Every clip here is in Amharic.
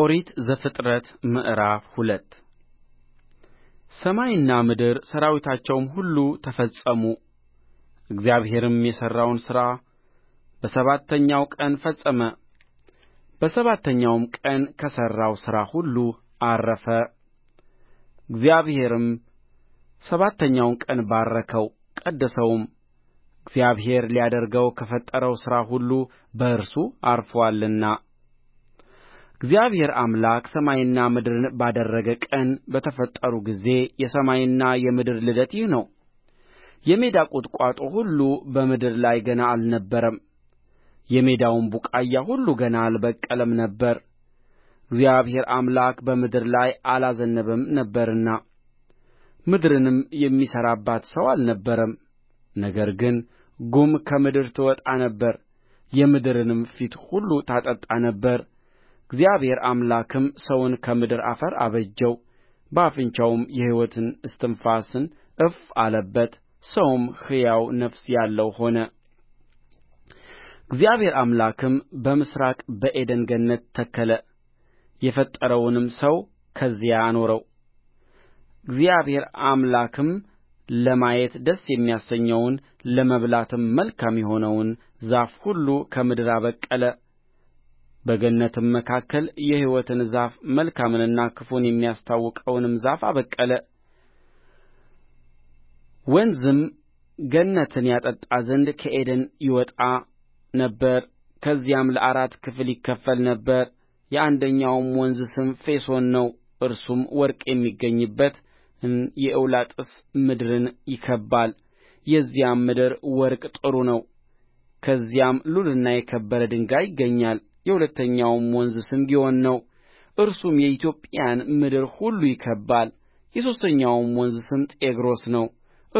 ኦሪት ዘፍጥረት ምዕራፍ ሁለት ሰማይና ምድር ሠራዊታቸውም ሁሉ ተፈጸሙ እግዚአብሔርም የሠራውን ሥራ በሰባተኛው ቀን ፈጸመ በሰባተኛውም ቀን ከሠራው ሥራ ሁሉ ዐረፈ እግዚአብሔርም ሰባተኛውን ቀን ባረከው ቀደሰውም እግዚአብሔር ሊያደርገው ከፈጠረው ሥራ ሁሉ በእርሱ ዐርፎአልና እግዚአብሔር አምላክ ሰማይንና ምድርን ባደረገ ቀን በተፈጠሩ ጊዜ የሰማይና የምድር ልደት ይህ ነው የሜዳ ቁጥቋጦ ሁሉ በምድር ላይ ገና አልነበረም የሜዳውም ቡቃያ ሁሉ ገና አልበቀለም ነበር እግዚአብሔር አምላክ በምድር ላይ አላዘነበም ነበርና ምድርንም የሚሠራባት ሰው አልነበረም። ነገር ግን ጉም ከምድር ትወጣ ነበር፣ የምድርንም ፊት ሁሉ ታጠጣ ነበር። እግዚአብሔር አምላክም ሰውን ከምድር አፈር አበጀው በአፍንጫውም የሕይወትን እስትንፋስን እፍ አለበት ሰውም ሕያው ነፍስ ያለው ሆነ እግዚአብሔር አምላክም በምሥራቅ በዔድን ገነት ተከለ የፈጠረውንም ሰው ከዚያ አኖረው እግዚአብሔር አምላክም ለማየት ደስ የሚያሰኘውን ለመብላትም መልካም የሆነውን ዛፍ ሁሉ ከምድር አበቀለ በገነትም መካከል የሕይወትን ዛፍ መልካምንና ክፉን የሚያስታውቀውንም ዛፍ አበቀለ ወንዝም ገነትን ያጠጣ ዘንድ ከዔድን ይወጣ ነበር ከዚያም ለአራት ክፍል ይከፈል ነበር የአንደኛውም ወንዝ ስም ፊሶን ነው እርሱም ወርቅ የሚገኝበትን የኤውላጥስ ምድርን ይከብባል የዚያም ምድር ወርቅ ጥሩ ነው ከዚያም ሉልና የከበረ ድንጋይ ይገኛል የሁለተኛውም ወንዝ ስም ግዮን ነው እርሱም የኢትዮጵያን ምድር ሁሉ ይከብባል የሦስተኛውም ወንዝ ስም ጤግሮስ ነው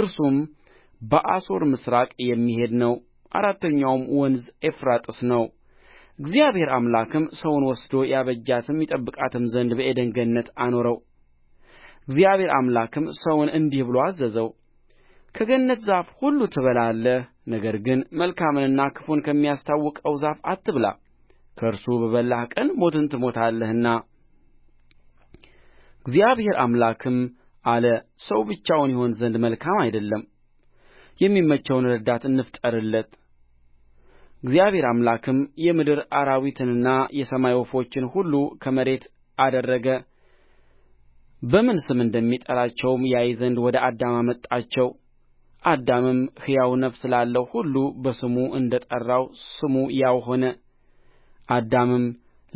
እርሱም በአሦር ምሥራቅ የሚሄድ ነው አራተኛውም ወንዝ ኤፍራጥስ ነው እግዚአብሔር አምላክም ሰውን ወስዶ ያበጃትም ይጠብቃትም ዘንድ በዔድን ገነት አኖረው እግዚአብሔር አምላክም ሰውን እንዲህ ብሎ አዘዘው ከገነት ዛፍ ሁሉ ትበላለህ ነገር ግን መልካምንና ክፉን ከሚያስታውቀው ዛፍ አትብላ ከእርሱ በበላህ ቀን ሞትን ትሞታለህና እግዚአብሔር አምላክም አለ ሰው ብቻውን ይሆን ዘንድ መልካም አይደለም የሚመቸውን ረዳት እንፍጠርለት እግዚአብሔር አምላክም የምድር አራዊትንና የሰማይ ወፎችን ሁሉ ከመሬት አደረገ በምን ስም እንደሚጠራቸውም ያይ ዘንድ ወደ አዳም አመጣቸው አዳምም ሕያው ነፍስ ላለው ሁሉ በስሙ እንደ ጠራው ስሙ ያው ሆነ አዳምም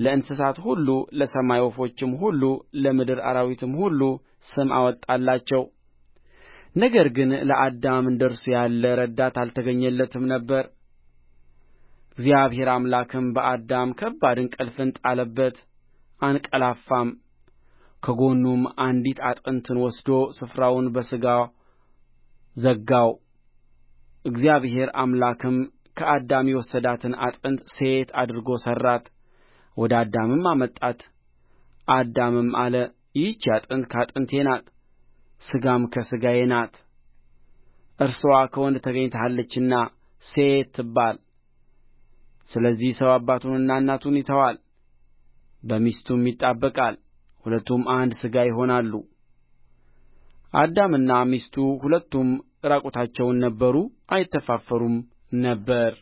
ለእንስሳት ሁሉ ለሰማይ ወፎችም ሁሉ ለምድር አራዊትም ሁሉ ስም አወጣላቸው ነገር ግን ለአዳም እንደ እርሱ ያለ ረዳት አልተገኘለትም ነበር እግዚአብሔር አምላክም በአዳም ከባድ እንቅልፍን ጣለበት አንቀላፋም ከጎኑም አንዲት አጥንትን ወስዶ ስፍራውን በሥጋ ዘጋው እግዚአብሔር አምላክም ከአዳም የወሰዳትን አጥንት ሴት አድርጎ ሠራት ወደ አዳምም አመጣት አዳምም አለ ይህች አጥንት ከአጥንቴ ናት ሥጋም ከሥጋዬ ናት እርስዋ ከወንድ ተገኝታለችና ሴት ትባል ስለዚህ ሰው አባቱንና እናቱን ይተዋል በሚስቱም ይጣበቃል ሁለቱም አንድ ሥጋ ይሆናሉ አዳምና ሚስቱ ሁለቱም ዕራቁታቸውን ነበሩ አይተፋፈሩም ነበር